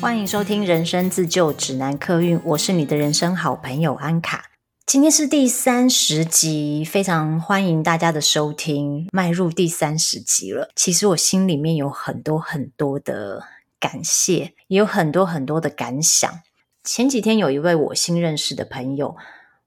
歡迎收聽《人生自救指南》客運，我是你的人生好朋友安卡。今天是第三十集，非常歡迎大家的收聽，邁入第三十集了。其實我心裡面有很多很多的感謝，也有很多很多的感想。前幾天有一位我新認識的朋友，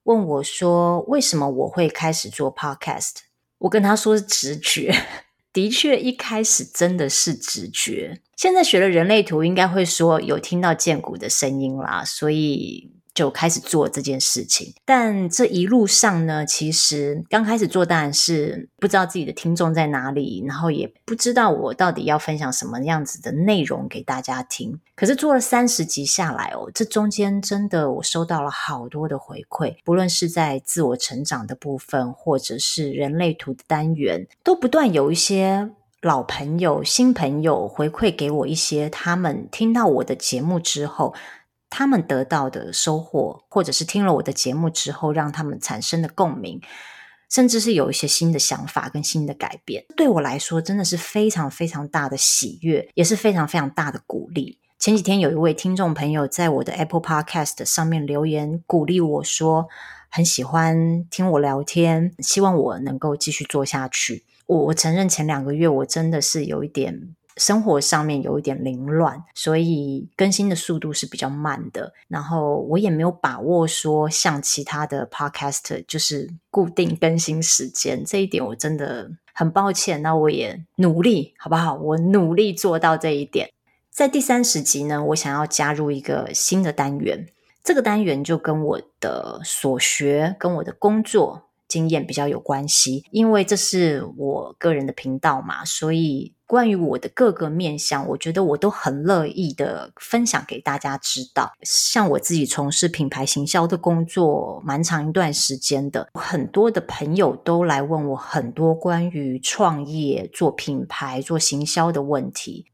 問我說：“為什麼我會開始做 podcast？” 我跟他說：“是直覺， 的確一開始真的是直覺。現在學了人類圖，應該會說有聽到薦骨的聲音啦。”所以。就開始做這件事情，但這一路上呢，其實剛開始做當然是不知道自己的聽眾在哪裡，然後也不知道我到底要分享什麼樣子的內容給大家聽。可是做了三十集下來哦，這中間真的我收到了好多的回饋，不論是在自我成長的部分，或者是人類圖的單元，都不斷有一些老朋友、新朋友回饋給我一些他們聽到我的節目之後，他們得到的收穫，或者是聽了我的節目之後，讓他們產生的共鳴，甚至是有一些新的想法跟新的改變，對我來說真的是非常非常大的喜悅，也是非常非常大的鼓勵。前幾天有一位聽眾朋友在我的 Apple Podcast 上面留言，鼓勵我說很喜歡聽我聊天，希望我能夠繼續做下去。我我承認前兩個月我真的是有一點，生活上面有一點凌亂，所以更新的速度是比較慢的。然後我也沒有把握說像其他的 podcast 就是固定更新時間，這一點我真的很抱歉。那我也努力，好不好？我努力做到這一點。在第三十集呢，我想要加入一個新的單元，這個單元就跟我的所學跟我的工作。經驗比較有關係，因為這是我個人的頻道嘛，所以關於我的各個面向，我覺得我都很樂意的分享給大家知道。像我自己從事品牌行銷的工作蠻長一段時間的，很多的朋友都來問我很多關於創業、做品牌、做行銷的問題，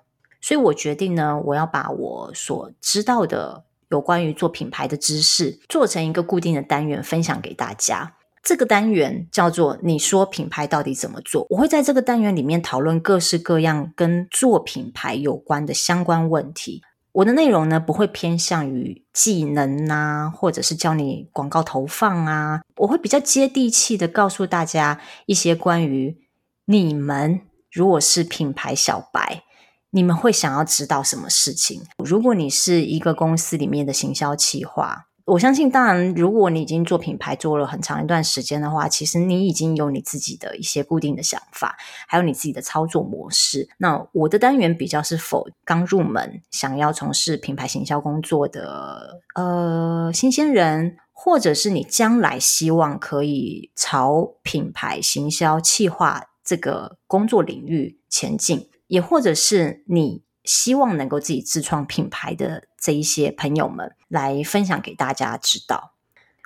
所以我決定呢，我要把我所知道的有關於做品牌的知識做成一個固定的單元，分享給大家。這個單元叫做“你說，品牌到底怎麼做”，我會在這個單元裡面討論各式各樣跟做品牌有關的相關問題。我的內容呢，不會偏向於技能吶、啊，或者是教你廣告投放啊，我會比較接地氣的告訴大家一些關於你們如果是品牌小白，你們會想要知道什麼事情。如果你是一個公司裡面的行銷企劃。我相信，當然，如果你已經做品牌做了很長一段時間的話，其實你已經有你自己的一些固定的想法，還有你自己的操作模式。那我的單元比較是否剛入門，想要從事品牌行銷工作的呃新鮮人，或者是你將來希望可以朝品牌行銷企劃這個工作領域前進，也或者是你。希望能夠自己自創品牌的這一些朋友們來分享給大家知道。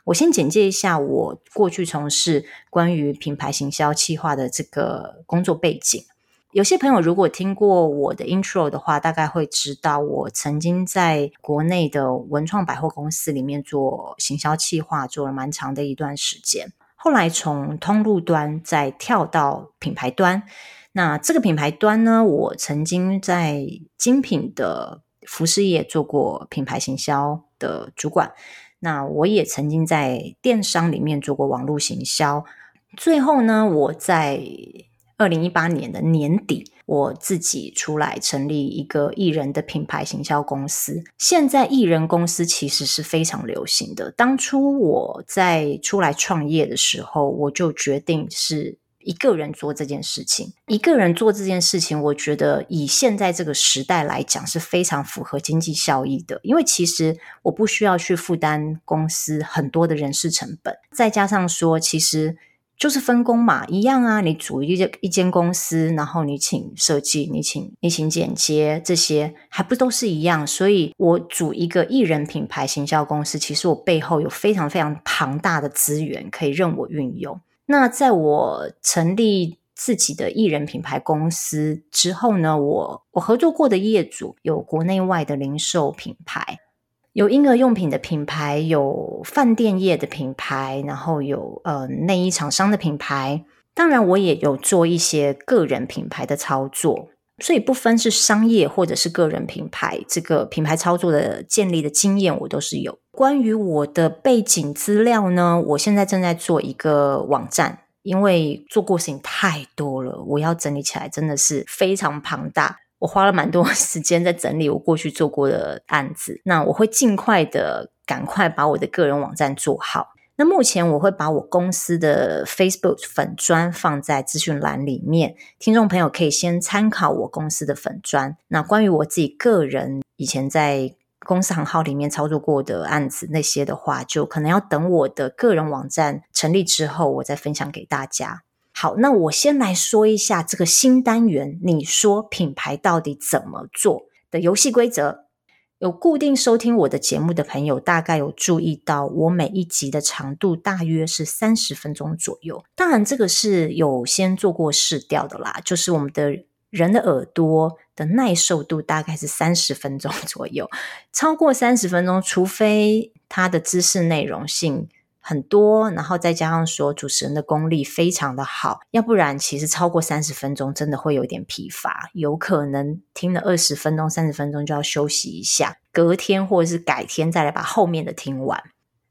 我先簡介一下我過去從事關於品牌行銷企劃的這個工作背景。有些朋友如果聽過我的 intro 的話，大概會知道我曾經在國內的文創百貨公司裡面做行銷企劃，做了蠻長的一段時間。後來從通路端再跳到品牌端。那這個品牌端呢？我曾經在精品的服飾業做過品牌行銷的主管。那我也曾經在電商裡面做過網絡行銷。最後呢，我在二零一八年的年底，我自己出來成立一個一人的品牌行銷公司。現在一人公司其實是非常流行的。當初我在出來創業的時候，我就決定是。一個人做這件事情，一個人做這件事情，我覺得以現在這個時代來講是非常符合經濟效益的。因為其實我不需要去負擔公司很多的人事成本，再加上說，其實就是分工嘛，一樣啊。你組一一間公司，然後你請設計，你請你請剪接，這些還不都是一樣？所以，我組一個一人品牌行銷公司，其實我背後有非常非常龐大的資源可以任我運用。那在我成立自己的藝人品牌公司之後呢，我我合作過的業主有國內外的零售品牌，有嬰兒用品的品牌，有飯店業的品牌，然後有呃內衣廠商的品牌。當然，我也有做一些個人品牌的操作。所以不分是商業或者是個人品牌，這個品牌操作的建立的經驗我都是有。關於我的背景資料呢，我現在正在做一個網站，因為做過事情太多了，我要整理起來真的是非常龐大。我花了蠻多時間在整理我過去做過的案子，那我會盡快的趕快把我的個人網站做好。那目前我會把我公司的 Facebook 粉專放在資訊欄裡面，聽眾朋友可以先參考我公司的粉專。那關於我自己個人以前在公司行號裡面操作過的案子那些的話，就可能要等我的個人網站成立之後，我再分享給大家。好，那我先來說一下這個新單元，你說品牌到底怎麼做的遊戲規則。有固定收聽我的節目的朋友，大概有注意到我每一集的長度大約是三十分鐘左右。當然，這個是有先做過試調的啦，就是我們的人的耳朵的耐受度大概是三十分鐘左右，超過三十分鐘，除非它的知識內容性很多，然後再加上說主持人的功力非常的好，要不然其實超過三十分鐘真的會有點疲乏，有可能聽了二十分鐘、三十分鐘就要休息一下，隔天或者是改天再來把後面的聽完。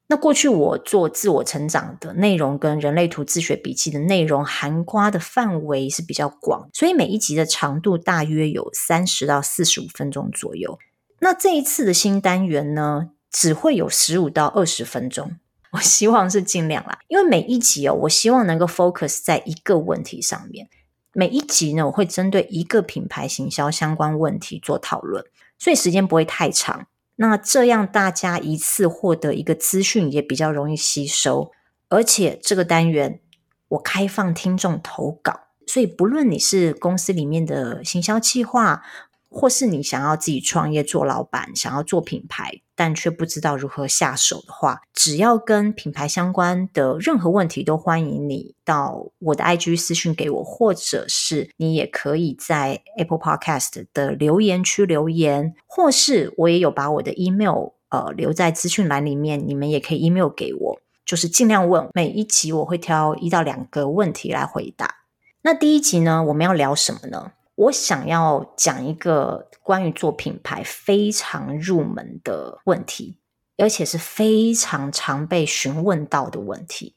那過去我做自我成長的內容跟人類圖自學筆記的內容涵蓋的範圍是比較廣，所以每一集的長度大約有三十到四十五分鐘左右。那這一次的新單元呢，只會有十五到二十分鐘。我希望是盡量啦，因為每一集哦，我希望能夠 focus 在一個問題上面。每一集呢，我會針對一個品牌行銷相關問題做討論，所以時間不會太長。那這樣大家一次獲得一個資訊也比較容易吸收，而且這個單元我開放聽眾投稿，所以不論你是公司裡面的行銷企劃，或是你想要自己創業做老闆，想要做品牌。但卻不知道如何下手的話，只要跟品牌相關的任何問題，都歡迎你到我的 IG 私訊給我，或者是你也可以在 Apple Podcast 的留言區留言，或是我也有把我的 email 呃留在資訊欄裡面，你們也可以 email 給我，就是盡量問，每一集我會挑一到兩個問題來回答。那第一集呢，我們要聊什麼呢？我想要講一個關於做品牌非常入門的問題，而且是非常常被詢問到的問題。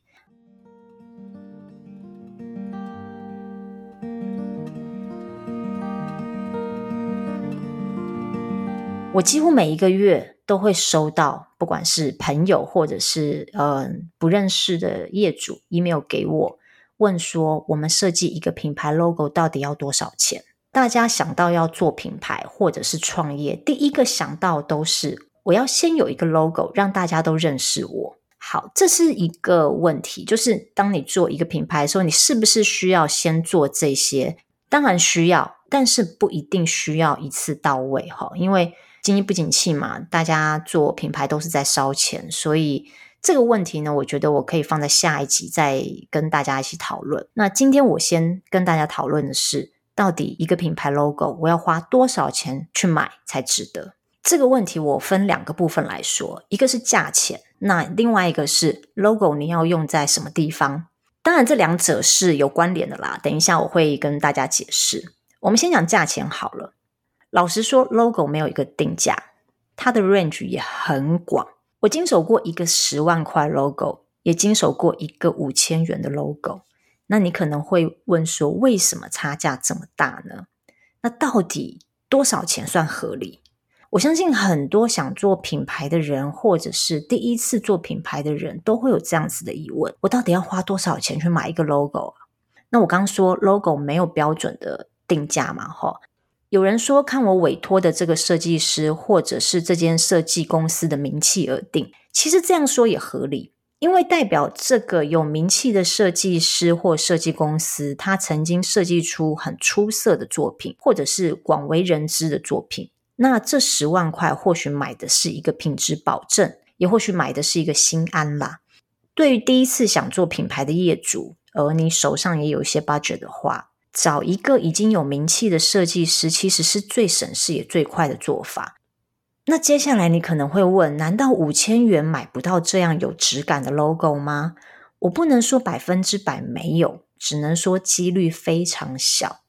我幾乎每一個月都會收到，不管是朋友或者是嗯、呃、不認識的業主，email 給我問說：“我們設計一個品牌 logo 到底要多少錢？”大家想到要做品牌或者是創業，第一個想到都是我要先有一個 logo，讓大家都認識我。好，這是一個問題，就是當你做一個品牌的時候，你是不是需要先做這些？當然需要，但是不一定需要一次到位哈。因為經濟不景氣嘛，大家做品牌都是在燒錢，所以這個問題呢，我覺得我可以放在下一集再跟大家一起討論。那今天我先跟大家討論的是。到底一個品牌 logo 我要花多少錢去買才值得？這個問題我分兩個部分來說，一個是價錢，那另外一個是 logo 你要用在什麼地方。當然這兩者是有關聯的啦。等一下我會跟大家解釋。我們先講價錢好了。老實說，logo 沒有一個定價，它的 range 也很廣。我經手過一個十萬塊 logo，也經手過一個五千元的 logo。那你可能會問說，為什麼差價這麼大呢？那到底多少錢算合理？我相信很多想做品牌的人，或者是第一次做品牌的人都會有這樣子的疑問：我到底要花多少錢去買一個 logo 啊？那我剛說 logo 沒有標準的定價嘛，吼，有人說看我委託的這個設計師，或者是這間設計公司的名氣而定，其實這樣說也合理。因為代表這個有名氣的設計師或設計公司，他曾經設計出很出色的作品，或者是廣為人知的作品。那這十萬塊或許買的是一個品質保證，也或許買的是一個心安啦。對於第一次想做品牌的業主，而你手上也有一些 budget 的話，找一個已經有名氣的設計師，其實是最省事也最快的做法。那接下來你可能會問：難道五千元買不到這樣有質感的 logo 嗎？我不能說百分之百沒有，只能說幾率非常小。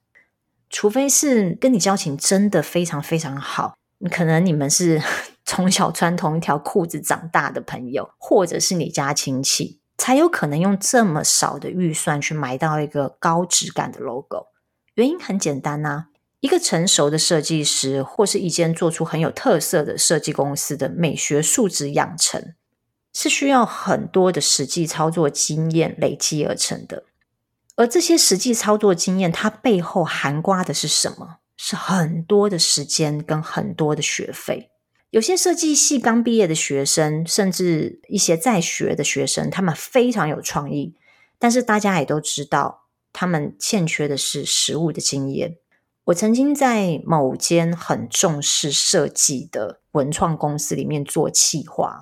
除非是跟你交情真的非常非常好，可能你們是從小穿同一條褲子長大的朋友，或者是你家親戚，才有可能用這麼少的預算去買到一個高質感的 logo。原因很簡單啊。一個成熟的設計師，或是一間做出很有特色的設計公司的美學素質養成，是需要很多的實際操作經驗累積而成的。而這些實際操作經驗，它背後涵蓋的是什麼？是很多的時間跟很多的學費。有些設計系剛畢業的學生，甚至一些在學的學生，他們非常有創意，但是大家也都知道，他們欠缺的是實務的經驗。我曾經在某間很重視設計的文創公司裡面做企劃，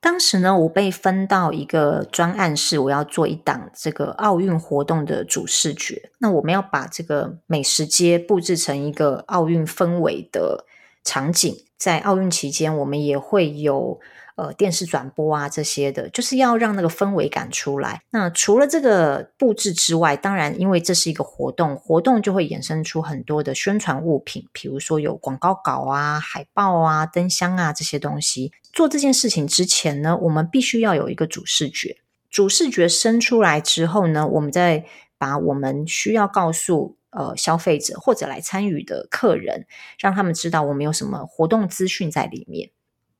當時呢，我被分到一個專案室，我要做一檔這個奧運活動的主視覺。那我們要把這個美食街布置成一個奧運氛圍的場景，在奧運期間，我們也會有。呃，電視轉播啊，這些的就是要讓那個氛圍感出來。那除了這個布置之外，當然，因為這是一個活動，活動就會衍生出很多的宣傳物品，比如說有廣告稿啊、海報啊、燈箱啊這些東西。做這件事情之前呢，我們必須要有一個主視覺。主視覺生出來之後呢，我們再把我們需要告訴呃消費者或者來參與的客人，讓他們知道我們有什麼活動資訊在裡面。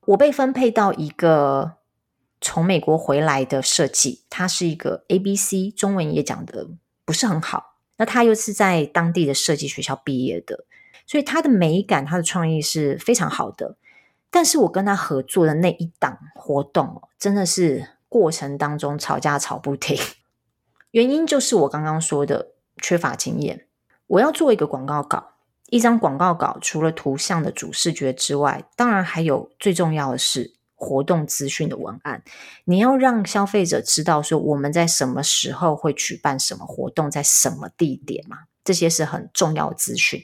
我被分配到一個從美國回來的設計，他是一個 ABC，中文也講的不是很好。那他又是在當地的設計學校畢業的，所以他的美感、他的創意是非常好的。但是我跟他合作的那一檔活動，真的是過程當中吵架吵不停。原因就是我剛剛說的缺乏經驗。我要做一個廣告稿。一張廣告稿除了圖像的主視覺之外，當然還有最重要的是活動資訊的文案。你要讓消費者知道說我們在什麼時候會舉辦什麼活動，在什麼地點嘛？這些是很重要的資訊。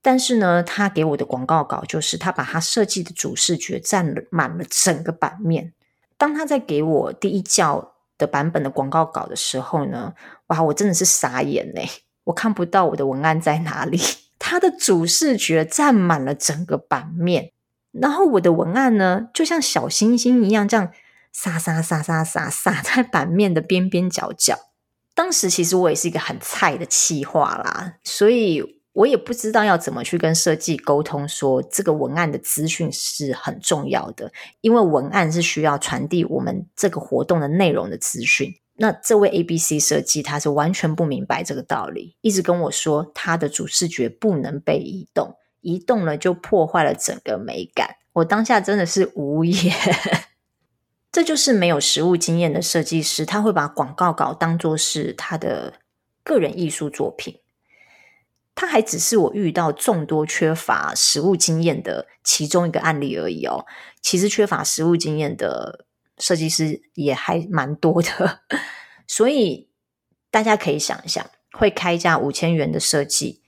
但是呢，他給我的廣告稿就是他把他設計的主視覺占滿了整個版面。當他在給我第一稿的版本的廣告稿的時候呢，哇，我真的是傻眼耶，我看不到我的文案在哪裡。它的主視覺占滿了整個版面，然後我的文案呢，就像小星星一樣，這樣撒撒撒撒撒撒在版面的邊邊角角。當時其實我也是一個很菜的企劃啦，所以我也不知道要怎麼去跟設計溝通說，說這個文案的資訊是很重要的，因為文案是需要傳遞我們這個活動的內容的資訊。那這位 A B C 設計，他是完全不明白這個道理，一直跟我說他的主視覺不能被移動，移動了就破壞了整個美感。我當下真的是無言。 這就是沒有實物經驗的設計師，他會把廣告稿當作是他的個人藝術作品。他還只是我遇到眾多缺乏實物經驗的其中一個案例而已哦。其實缺乏實物經驗的。設計師也還蠻多的，所以大家可以想一下，會開價五千元的設計，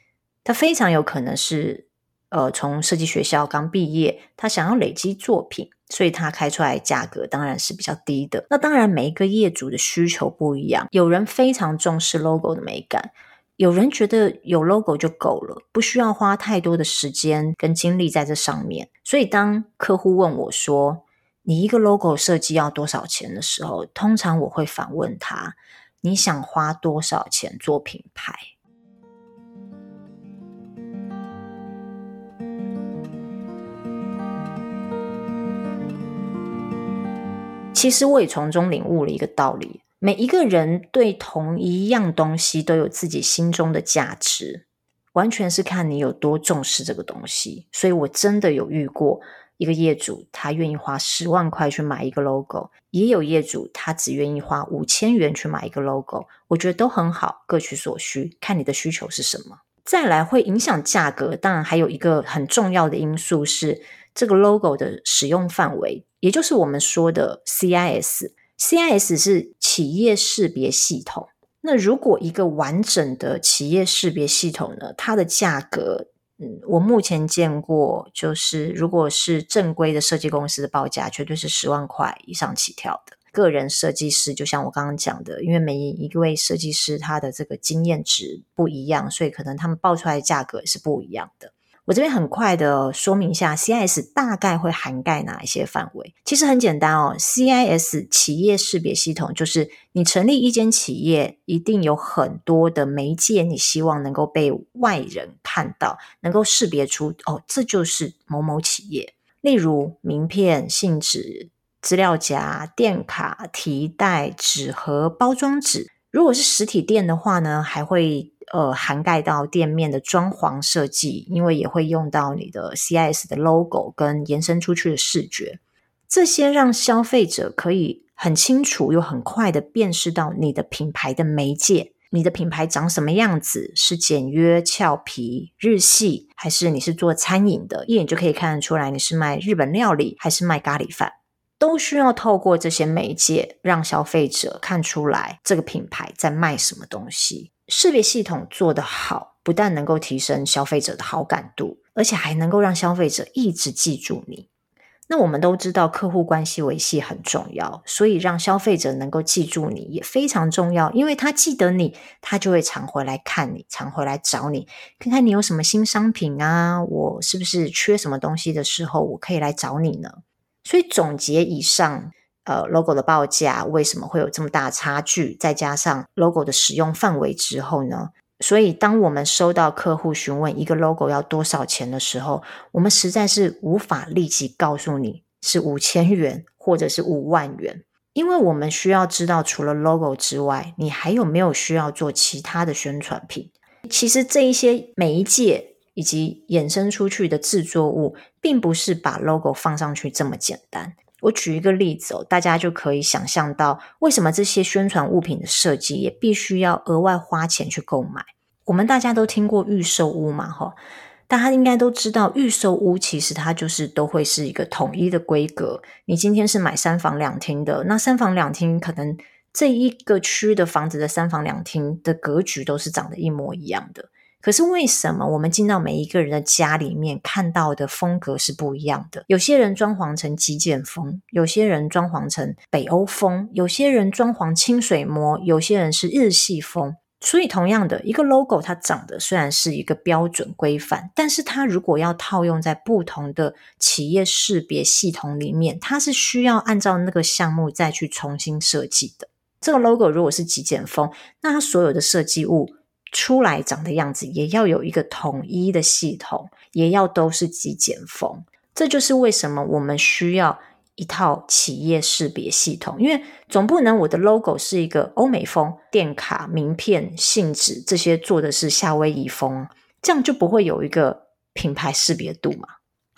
他非常有可能是呃從設計學校剛畢業，他想要累積作品，所以他開出來的價格當然是比較低的。那當然每一個業主的需求不一樣，有人非常重視 logo 的美感，有人覺得有 logo 就夠了，不需要花太多的時間跟精力在這上面。所以當客戶問我說，你一個 logo 設計要多少錢的時候，通常我會反問他：“你想花多少錢做品牌？”其實我也從中領悟了一個道理：每一個人對同一樣東西都有自己心中的價值，完全是看你有多重視這個東西。所以我真的有遇過。一個業主他願意花十萬塊去買一個 logo，也有業主他只願意花五千元去買一個 logo，我覺得都很好，各取所需，看你的需求是什麼。再來會影響價格，當然還有一個很重要的因素是這個 logo 的使用範圍，也就是我們說的 CIS。CIS 是企業識別系統，那如果一個完整的企業識別系統呢，它的價格？嗯，我目前見過，就是如果是正規的設計公司的報價，絕對是十萬塊以上起跳的。個人設計師，就像我剛剛講的，因為每一位設計師他的這個經驗值不一樣，所以可能他們報出來的價格也是不一樣的。我這邊很快的說明一下，CIS 大概會涵蓋哪一些範圍？其實很簡單哦，CIS 企業識別系統就是你成立一間企業，一定有很多的媒介，你希望能夠被外人看到，能夠識別出哦，這就是某某企業。例如名片、信紙、資料夾、電卡、提袋、紙盒、包裝紙。如果是實體店的話呢，還會。呃，涵蓋到店面的裝潢設計，因為也會用到你的 CIS 的 logo 跟延伸出去的視覺，這些讓消費者可以很清楚又很快的辨識到你的品牌的媒介。你的品牌長什麼樣子？是簡約俏皮日系，還是你是做餐飲的，一眼就可以看得出來你是賣日本料理還是賣咖喱飯。都需要透過這些媒介讓消費者看出來這個品牌在賣什麼東西。識別系統做得好，不但能夠提升消費者的好感度，而且還能夠讓消費者一直記住你。那我們都知道客戶關係維繫很重要，所以讓消費者能夠記住你也非常重要，因為他記得你，他就會常回來看你，常回來找你，看看你有什麼新商品啊，我是不是缺什麼東西的時候，我可以來找你呢？所以總結以上，呃，logo 的報價為什麼會有這麼大差距，再加上 logo 的使用範圍之後呢，所以，當我們收到客戶詢問一個 logo 要多少錢的時候，我們實在是無法立即告訴你是五千元或者是五萬元，因為我們需要知道除了 logo 之外，你還有沒有需要做其他的宣傳品。其實這一些媒介。以及衍生出去的製作物，並不是把 logo 放上去這麼簡單。我舉一個例子哦，大家就可以想象到為什麼這些宣傳物品的設計也必須要額外花錢去購買。我們大家都聽過預售屋嘛，齁，大家應該都知道，預售屋其實它就是都會是一個統一的規格。你今天是買三房兩廳的，那三房兩廳可能這一個區的房子的三房兩廳的格局都是長得一模一樣的。可是為什麼我們進到每一個人的家裡面看到的風格是不一樣的？有些人裝潢成極簡風，有些人裝潢成北歐風，有些人裝潢清水模，有些人是日系風。所以，同樣的一個 logo，它長得雖然是一個標準規範，但是它如果要套用在不同的企業識別系統裡面，它是需要按照那個項目再去重新設計的。這個 logo 如果是極簡風，那它所有的設計物出來長的樣子也要有一個統一的系統，也要都是極簡風，這就是為什麼我們需要一套企業識別系統。因為總不能我的 logo 是一個歐美風，電卡、名片、信紙這些做的是夏威夷風，這樣就不會有一個品牌識別度嘛。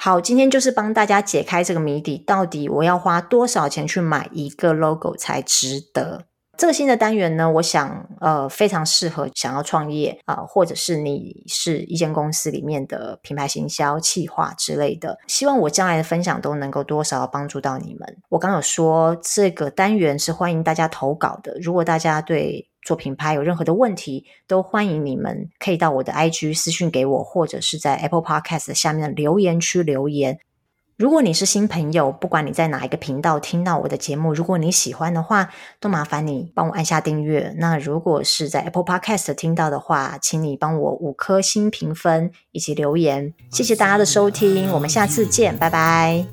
好，今天就是幫大家解開這個謎底，到底我要花多少錢去買一個 logo 才值得？這個新的單元呢，我想呃非常適合想要創業啊，呃，或者是你是一間公司裡面的品牌行銷企劃之類的。希望我將來的分享都能夠多少幫助到你們。我剛有說這個單元是歡迎大家投稿的，如果大家對做品牌有任何的問題，都歡迎你們可以到我的 IG 私訊給我，或者是在 Apple Podcast 下面的留言區留言。如果你是新朋友，不管你在哪一個頻道聽到我的節目，如果你喜歡的話，都麻煩你幫我按下訂閱。那如果是在 Apple Podcast 聽到的話，請你幫我五顆星評分以及留言。謝謝大家的收聽，我們下次見，拜拜。